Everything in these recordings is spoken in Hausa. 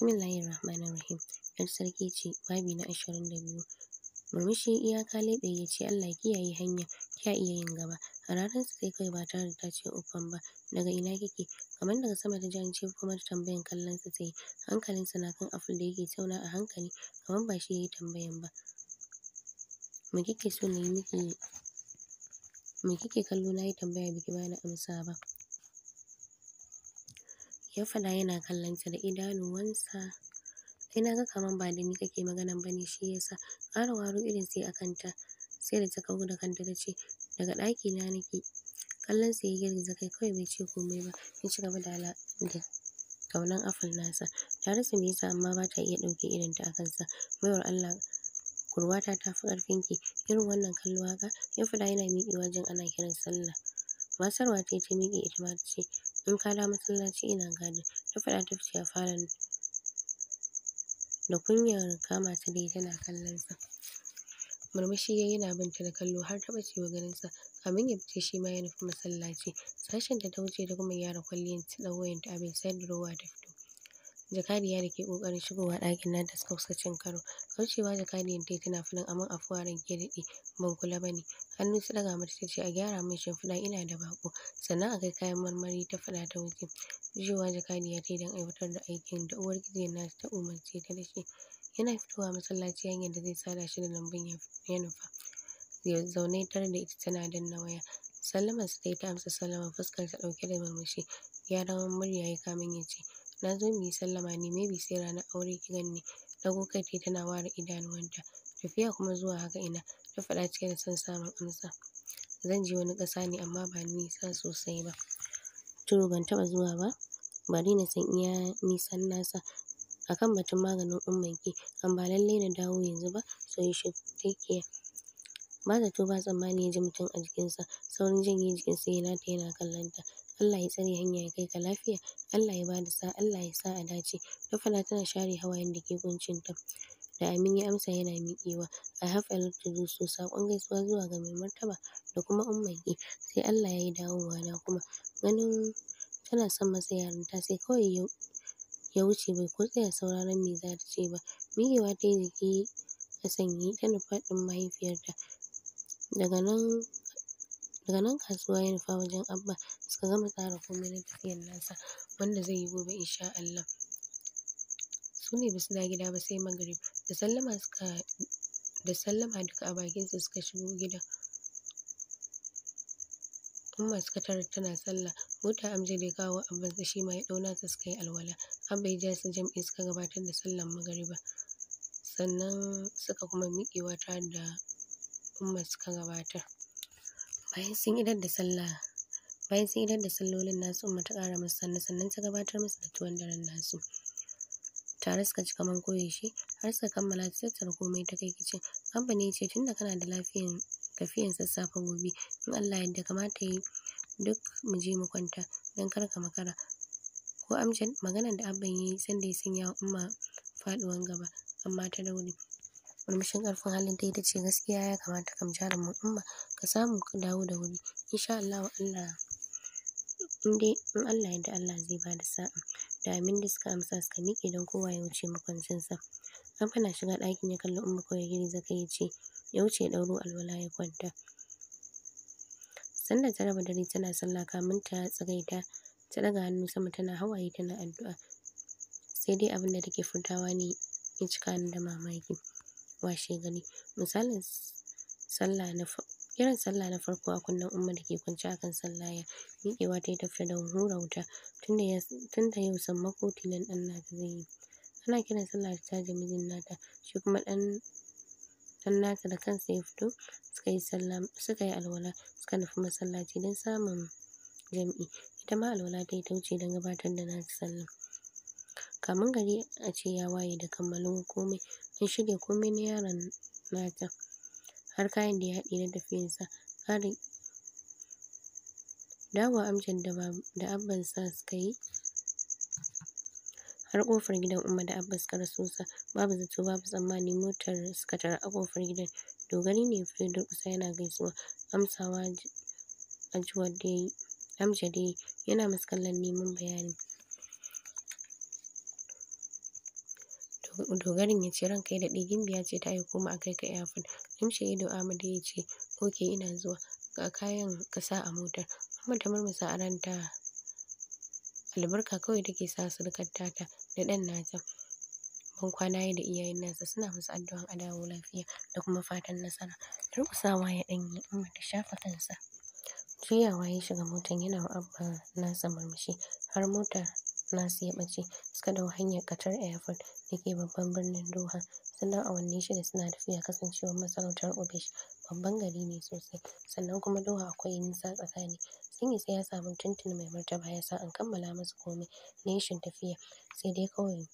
rahim ‘Yar sarki ce, babi na ashirin da biyu. Murmushi iyaka leɓe ya ce, Allah ya kiyaye hanya, kya iya yin gaba. sa sai kawai ba tare da ta ce ba. Daga ina kike? Kamar daga sama ta jance kuma ta tambayan kallonsa ta yi. Hankalinsa na kan aful da yake tauna a hankali, kamar ba shi ya yi tambayan ba. Me kike so na yi miki? Me kike kallo na yi tambaya biki bani amsa ba. ya faɗa yana kallonta da idanuwansa. sai na ga kaman ba da ni kake maganan ba ne shi yasa ƙara waro irin sai a kanta sai da ta kawo da kanta ta ce daga ɗaki na nake kallon sa ya girgiza kai kawai bai ce komai ba ya ci gaba da da kaunan aful nasa ta rasa me yasa amma ba ta iya ɗauke irin ta akan sa baiwar Allah kurwata ta fi ƙarfin ki irin wannan kallo haka ya faɗa yana miƙewa jin ana kiran sallah masarwa ta yi ta miƙe ita ma ta ce in ka dawo masallaci ina gane ta faɗa ta fice a fara da kunyar kama ta dai tana kallon sa murmushi yayi yana binta da kallo har ta bace wa ganin sa kamin ya fice shi ma ya nufi masallaci sashen da ta wuce ta kuma gyara kwalliyar ta ɗau wayar ta abin sai da ruwa ta fito jakadiya da ke ƙoƙarin shigowa ɗakin nan da kusa cin karo Kaucewa jakadiyan tayi tana faɗin aman afuwa ranki ya daɗe ban kula ba ne. Hannu ta ɗaga mata ta ce a gyara min shimfiɗa ina da baƙo. Sannan a kai kayan marmari ta faɗa ta wuce. Juyowa jakadiya yi don aiwatar da aikin da uwar gidan nata ta umarce ta da shi. Yana fitowa masallaci hanyar da zai sada shi da lambun ya nufa. Zaune da ita tana danna waya. Sallamar sa ta amsa sallama fuskar ta ɗauke da murmushi. Gyaran murya ya kamin ya ce na zo muyi sallama ne maybe sai ranar aure ki ganni. ɗago kai tana ware idanuwanta tafiya kuma zuwa haka ina ta faɗa cike da son samun amsa zan je wani ƙasa ne amma ba nisa sosai ba to ban taɓa zuwa ba bari na san iya nisan nasa akan batun maganin ummanki an ba lallai na dawo yanzu ba so you should take ba zato ba tsammani ya ji mutum a jikinsa saurin janye jikinsa sai nata yana kallonta Allah ya tsare hanya ya kai ka lafiya Allah ya bada sa Allah ya sa a dace ta tana share hawayen da ke ta da Amin ya amsa yana miƙewa a lot to do so saƙon gaisuwa zuwa ga mai martaba da kuma ummaki sai Allah ya yi dawowa na kuma ganin tana son masa yaranta sai kawai ya ya wuce bai ko tsaya sauraron me za ta ce ba miƙewa ta yi jiki a sanye tana faɗin mahaifiyarta daga nan daga nan kasuwa ya nufa wajen Abba suka gama tsara komai na tafiyan nasa wanda zai yi gobe insha Allah su ne basu da gida ba sai magrib da sallama suka da sallama duka a bakinsa suka shigo gida umma suka tarar tana sallah mota amje da kawo abin shi ma ya dauna ta suka yi alwala abba ya ja su jam'i suka gabatar da sallan magariba sannan suka kuma miƙewa tare da umma suka gabatar bayan sun idar da sallah bayan sun idar da sallolin nasu umma ta ƙara musu sannan sannan ta gabatar musu da tuwon daren nasu tare suka ci kaman koyaushe har suka kammala ta tattara komai ta kai kicin abba ne ce tunda kana da lafiyan tafiyan sassafe gobe in Allah yadda kamata yi duk mu je mu kwanta don kar ka makara ko amshin maganar da abban yayi sanda ya sanya wa umma faɗuwan gaba amma ta daure murmushin ƙarfin halin ta ita ce gaskiya ya kamata kam mu umma ka samu ka dawo da wuri insha Allah Allah in dai in Allah ya Allah zai bada sa'a da amin da suka amsa suka miƙe don kowa ya wuce makwancinsa an fana shiga ɗakin ya kalli umma kawai girgiza kai ya ce ya wuce ya ɗauro alwala ya kwanta sanda ta raba dare tana sallah kamin ta tsagaita ta daga hannu sama tana hawaye tana addu'a sai dai abin da take furtawa ne ya cika ni da mamaki washe gari misalin sallah na Kiran sallah na farko a kunnen Umma da ke kwance a kan sallaya. Miƙewa ta yi tafiya da hura wuta tun da yau makoti nan ɗan nata zai yi. Ana kiran sallah ta taje mijin nata shi kuma ɗan ɗan nata da kansa ya fito suka yi sallah suka yi alwala suka nufi masallaci don samun jam'i. Ita ma alwala ta yi ta wuce don gabatar da nata sallah. Kamun gari a ce ya waye da kammalin komai an shirya komai na yaron nata. har kayan da ya haɗe na tafiyarsa. Ƙarin dawowa amcan da da abbansa suka yi har kofar gidan Umma da Abba suka raso sa babu zato babu tsammani motar suka tara a ƙofar gidan dogari ne ya da kusa yana gaisuwa amsawa ajuwar da yayi da yana masu kallon neman bayani dogarin ya ce ranka ya daɗe gimbiya ce ta aiko mu a kai ka airport limshe ido Ahmad ya ce oke ina zuwa ga kayan ka sa a motar amma ta murmusa a ranta albarka kawai take sa surukar tata da ɗan nata ban kwana yi da iyayen nasa suna masu addu'an a lafiya da kuma fatan nasara durƙusawa ya ɗan yi amma ta shafa kansa juyawa ya shiga motar yana wa abba nasa murmushi har motar nasu ya ɓace suka dau hanyar ƙatar Airport da ke babban birnin Doha. Sannan awanni shida suna tafiya kasancewar masarautar obish babban gari ne sosai sannan kuma Doha akwai nisa tsakani. Sun sai ya samu tuntuni mai martaba ya sa an kammala masa komai na tafiya sai dai kawai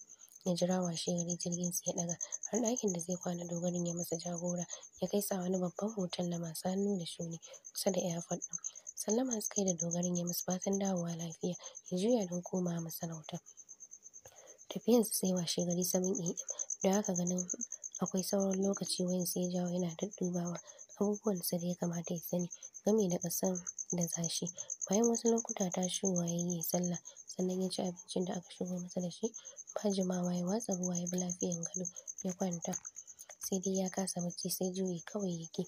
ya jira washegari jirgin su ya ɗaga har ɗakin da zai kwana dogarin ya masa jagora ya kai sa wani babban hotel na masu hannu da shuni kusa da airport ɗin. Sallama suka yi da dogarin ya masu fatan dawowa lafiya ya juya don komawa masarautar. tafiyarsa sai washe gari sabin am da haka ganin akwai sauran lokaci wayan sai ya jawo yana daddubawa abubuwan da ya kamata ya sani game da kasan da zashi bayan wasu lokuta ta shigowa ya yi sallah sannan ya ci abincin da aka shigo masa da shi ba jimawa ya watsa ruwa ya bi lafiyan gado ya kwanta sai dai ya kasa bacci sai juyi kawai yake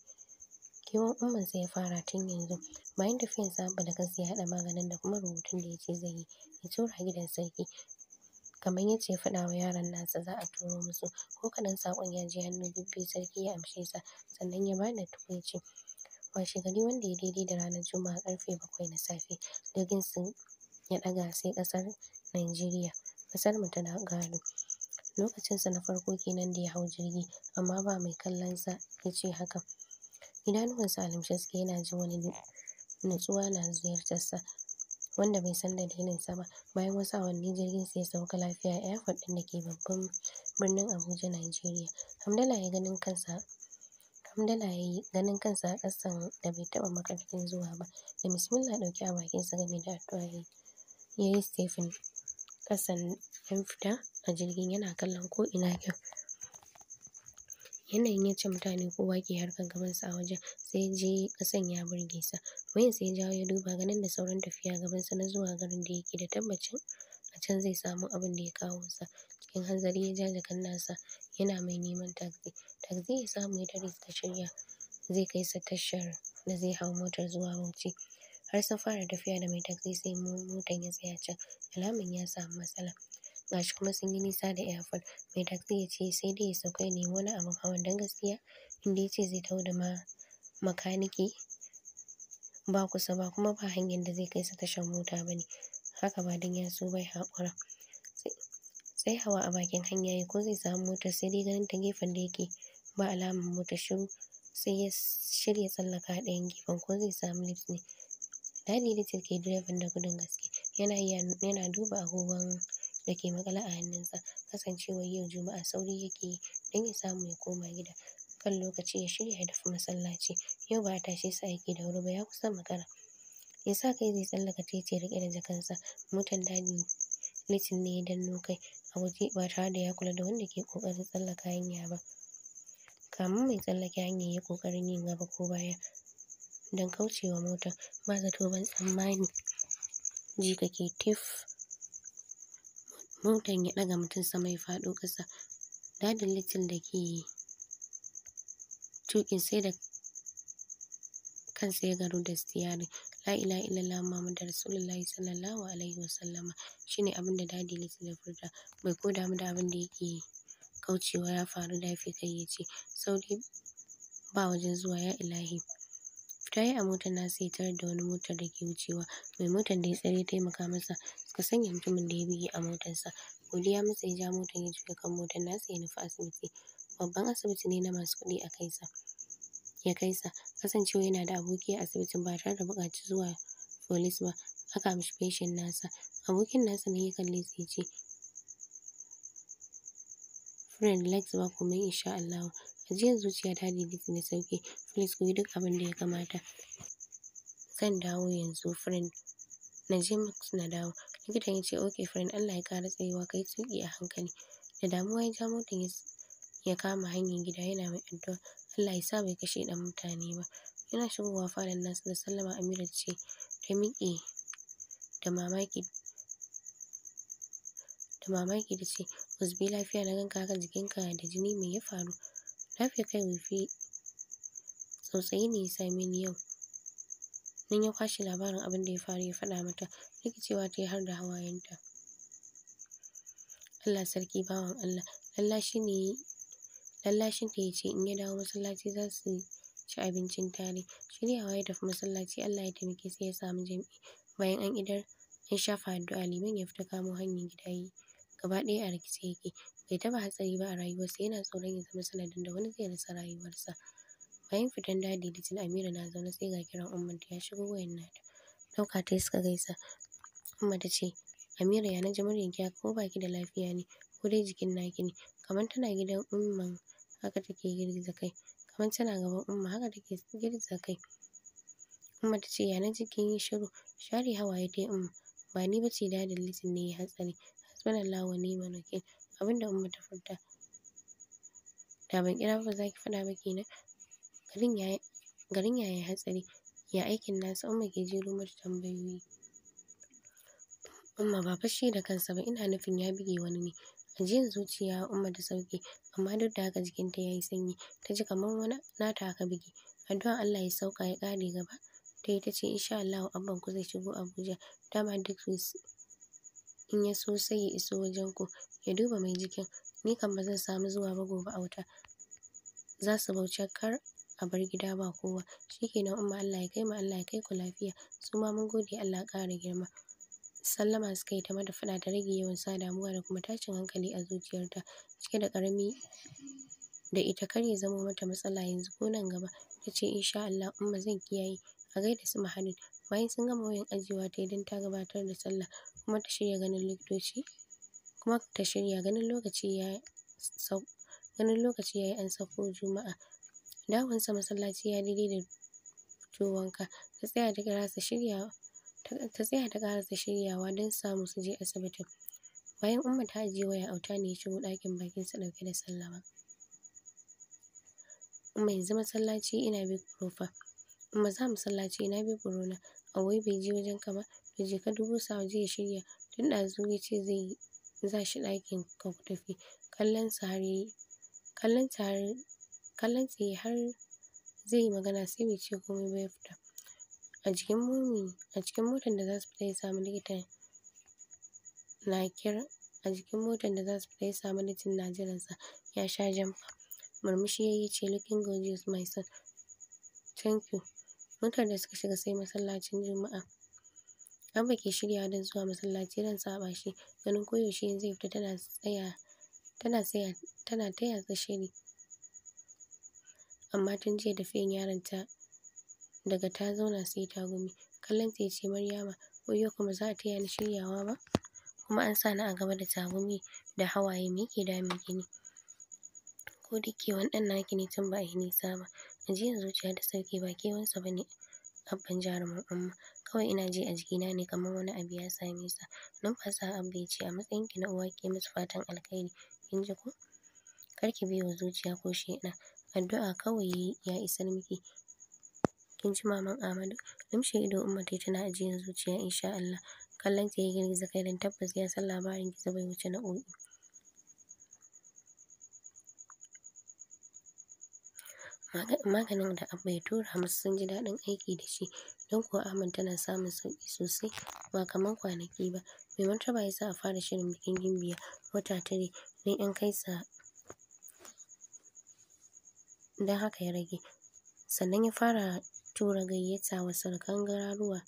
kewan umman sai ya fara tun yanzu bayan tafiyan sa da kansa ya haɗa maganin da kuma rubutun da ya ce zai yi ya tura gidan sarki kamar yadda ya faɗa wa yaran nasa za a turo musu ko kaɗan saƙon ya je hannu bibbiyar sarki ya amshe sa sannan ya bada tukunci washe gari wanda ya daidai da ranar juma'a ƙarfe bakwai na safe jirgin sun ya ɗaga sai ƙasar najeriya ƙasar mu ta gano lokacinsa na farko kenan da ya hau jirgi amma ba mai kallon sa ya ce haka idanuwansa alamshe suke yana jin wani Natsuwa na ziyartar sa. wanda bai san dalilinsa ba. Bayan wasu awanni jirgin su ya sauka lafiya a airport ɗin da ke babban birnin Abuja, Najeriya. Hamdala ya ganin kansa Hamdala ya yi ganin kansa a ƙasan da bai taɓa makarfin zuwa ba, da bismillah ɗauki a bakinsa game da addu'a ya yi stephen ƙasan 'yan fita a jirgin yana kallon ko'ina kyau. yanayin ya yace mutane kowa ke harkar gabansa a wajen sai je kasan ya burge sa wayan sai ya jawo ya duba ganin da sauran tafiya gabansa na zuwa garin da yake da tabbacin a can zai samu abin da ya kawo sa cikin hanzari ya ja jakan nasa yana mai neman taxi taxi ya samu ya tare ta shirya zai kai sa tashar da zai hau motar zuwa Bauchi har sun fara tafiya da mai taxi sai motar ya tsaya can alamin ya samu matsala gashi kuma sun yi nisa da airport mai taxi ya ce sai dai ya sauka ya nemi wani abin hawan don gaskiya inda ya ce zai tau da ma makaniki ba kusa ba kuma ba hanyar da zai kai su tashar mota ba ne haka ba don ya bai haƙura sai hawa a bakin hanya ya ko zai samu motar sai dai ganin ta gefen da yake ba alamar motar shiru sai ya shirya tsallaka a ɗayan gefen ko zai samu lips ne dadi da ke direban da gudun gaske yana yana duba agogon da ke maƙale a hannunsa. Kasancewar yau Juma'a sauri yake yi Dan ya samu ya koma gida kan lokaci ya shirya ya tafi masallaci. Yau ba a tashe sa aiki da wuri ba ya kusa makara. Ya sa kai zai tsallaka titi ya riƙe da sa Motar Dadi Litin ne ya danno kai a waje ba tare da ya kula da wanda ke ƙoƙarin tsallaka hanya ba. Kamin mai tsallake hanya ya yi ƙoƙarin yin gaba ko baya dan kaucewa motar. Ba zato ban tsammani ji ke tif Motan ya ɗaga mutum sama ya faɗo ƙasa. Dadin Little da ke tuƙin sai da kansa ya garu da sitiyarin. La ilaha illallah Muhammadu Rasulullahi sallallahu alaihi wasallama shine abin da dadi Little ya furta. Bai ko damu da abin da yake kaucewa ya faru da yafe kai ya ce sauri ba wajen zuwa ya ilahi. Fita yi a motar nasa ya tare da wani motar da ke wucewa. Mai motar da ya tsare taimaka masa Ka sanya mutumin da ya buge a motarsa godiya masa ya ja motar ya juya kan motar nasa ya nufi asibiti babban asibiti ne na masu kuɗi a kaisa ya kaisa kasancewa yana da aboki a asibitin ba tare da buƙaci zuwa folis ba aka mishi feshin nasa abokin nasa ne ya kalle sai ya ce friend lex ba in insha Allah ajiyar zuciya ta daidaita na sauki please ku yi duk abin da ya kamata zan dawo yanzu friend na je na dawo likitan ya ce okay friend Allah ya ƙara tsayuwa kai tuki a hankali da damuwa ya ja mota ya kama hanyar gida yana mai addu'a Allah ya sa bai kashe dan mutane ba yana shigowa falon nasu da sallama Amira ce ta miƙe da mamaki da mamaki da ce wasbi lafiya na ganka haka jikinka da jini mai ya faru lafiya kai wifi tsautsayi ne ya same ni yau nan ya kwashe labarin abin da ya faru ya faɗa mata rikicewa ta yi har da hawayenta Allah sarki bawan Allah lallashin ta ya ce in ya dawo masallaci za su ci abincin tare shiryawa ya tafi masallaci Allah ya taimake sai ya samu jami'i bayan an idar an shafa addu'a liman ya fita kamo hanyar gida yi gaba ɗaya a rikice yake bai taɓa hatsari ba a rayuwarsa yana tsoron ya zama sanadin da wani zai rasa rayuwarsa Bayan fitan dadi Litinin Amira na zaune sai ga kiran ummanta ya shigo wayan nata. Ɗauka ta suka gaisa. Umma ta ce, Amira ya na ji muryanki ko baki da lafiya ne ko dai jikin naki ne. Kamar tana gidan umman haka take girgiza kai. Kamar tana gaban umma haka take girgiza kai. Umma ta ce, ya na kin yi shiru. Share hawaye dai umma. Ba ni bace dadin dalilin ne ya hatsari. Hasbunallah wa ni'mal wakil. Abinda umma ta furta. da ban kira ba za ki faɗa ba kenan garin ya hatsari ya aikin nasa umma ke jero mata tambayoyi umma ba fashi da kansa ba ina nufin ya bige wani ne ajiyar zuciya umma da sauke amma duk da haka jikinta ya yi sanyi ta ji kamar wani nata aka bige addu'a Allah ya sauka ya kare gaba ta yi ta ce insha Allah abban ku zai shigo Abuja dama duk in ya so sai ya iso wajen ku ya duba mai jikin ni kan ba zan samu zuwa ba gobe a wuta za su bauce kar a bar gida ba kowa. shi Shikenan Umma Allah ya kai mu Allah ya kai ku lafiya. Suma mun gode Allah kara girma. Sallama suka yi ta mata faɗa ta rage yawan sa damuwa da kuma tashin hankali a zuciyarta cike da ƙarami da ita kar ya zama mata matsala yanzu ko nan gaba. Ta ce sha Allah Umma zan kiyaye. A gaida su mahalin bayan sun gama wayan ajiyewa ta idan ta gabatar da sallah kuma ta shirya ganin likitoci kuma ta shirya ganin lokaci ya ganin lokaci an sauko juma'a sa masallaci ya daidai da to wanka. Ta tsaya ta karasa shiryawa, ta tsaya ta karasa shiryawa don samu su je asibitin. Bayan Umma ta ajiye waya, Auta ne ya shigo ɗakin sa dauke da sallama. Umma yanzu masallaci ina bi kurofa Umma za sallaci ina bi kurona a wai bai je wajen ka ba, to je ka dubo sa waje ya shirya. Tun ɗazu ya ce zai za shi ɗakin ka ku tafi. sa har yi, sa har kallon sa har zai yi magana sai bai ce komai ba ya fita a cikin a cikin motar da za su fita ya samu likitan na kira a jikin motar da za su fita ya samu likitan na ya sha jamfa murmushi ya yi ce looking gorgeous my son thank you motar da suka shiga sai masallacin juma'a ba ke shiryawa don zuwa masallaci ran saba shi ganin koyaushe zai fita tana tsaya tana tsaya tana taya ta shiri amma tun jiya da tafiyan yaron ta daga ta zauna sai ta gumi kallon ta ce Maryama wayyo kuma za a taya ni shiryawa ba kuma an sa ni a gaba da tagumi da hawaye me yake damun ki ko dike wani ɗan naki ne tun ba a yi nisa ba jiyan zuciya da sauki ba wansa ba ne. abban jarumin amma kawai ina ji a jikina ne kamar wani abu ya same sa numfasa abba ya ce a matsayin ki na uwa ke musu fatan alkhairi kin ji ko kar ki biye zuciya ko shaidan addu'a kawai ya isar miki kin ji maman Amadu limshe ido umma ta tana ajiyar zuciya insha Allah kallon ta ya girgiza kai dan tabbas ya san labarin gizo bai wuce na o'i maganin da abba ya tura musu sun ji daɗin aiki da shi don kuwa Ahmad tana samun sauƙi sosai ba kamar kwanaki ba mai martaba ya sa a fara shirin bikin gimbiya wata tare don kai sa. don haka ya rage. Sannan ya fara tura gayyata wa surukan garuruwa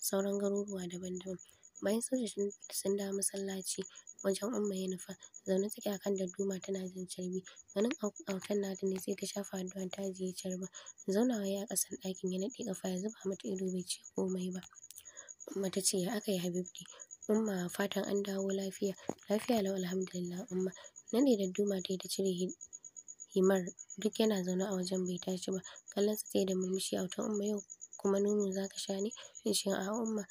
sauran garuruwa daban-daban. Bayan sojoji sun dawo masallaci wajen Umma ya nufa, zaune take a kan dadduma tana jin carbi. Ganin autan nata ne sai ta shafa addu'a ta ajiye carbi. Zaunawa ya a ɗakin ya naɗe ƙafa ya zuba mata ido bai ce komai ba. Umma ta ce ya aka yi Habibti? Umma fatan an dawo lafiya. Lafiya lau alhamdulillah Umma. Naɗe dadduma yi ta cire himar duk yana zaune a wajen bai tashi ba kallon sa sai da murmushi autan umma yau kuma nono zaka sha ne yace a'a umma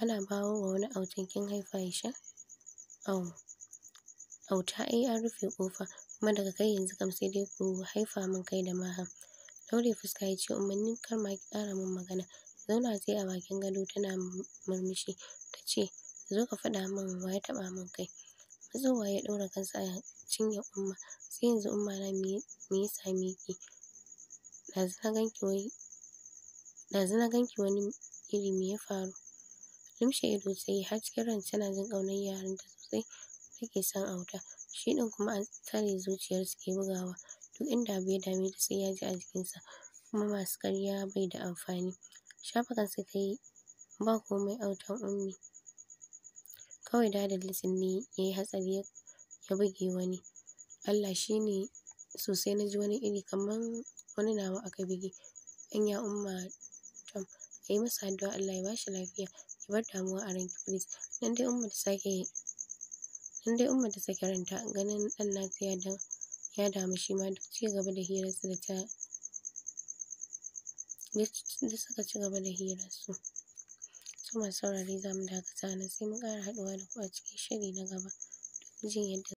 ana bawo wa wani autan kin haifa ya sha au auta ai an rufe kofa kuma daga kai yanzu kam sai dai ku haifa min kai da maha daure fuska ya ce umarnin kar ma ki kara min magana zauna sai a bakin gado tana murmushi ta ce zo ka faɗa min wa ya taɓa min kai matsowa ya ɗora kansa a cinye umma sai yanzu umma na me ya same ki na ganki wai na ganki wani iri me ya faru limshe ido ta yi har cikin ran tana jin ƙaunar ta sosai take son auta shi ɗin kuma an tare zuciyar su ke bugawa duk inda abu ya dame ta sai ya ji a jikinsa kuma masu karya bai da amfani shafa kansa ta yi ba komai autan ummi kawai dadin litinin ne ya yi hatsari ya buge wani Allah shine sosai na ji wani iri kamar wani nawa aka buge. Anya Umma Tom, a yi masa addu'a Allah ya bashi lafiya, ya bar damuwa a ranki please. Nan dai Umma ta sake, nan dai Umma ta sake ranta ganin ɗan nasu ya ya damu shi ma duk ci gaba da hirarsu da ta da suka ci gaba da hirarsu. Su masu saurare zamu mu dakata nan sai mu kara haɗuwa da ku a cikin shiri na gaba domin jin yadda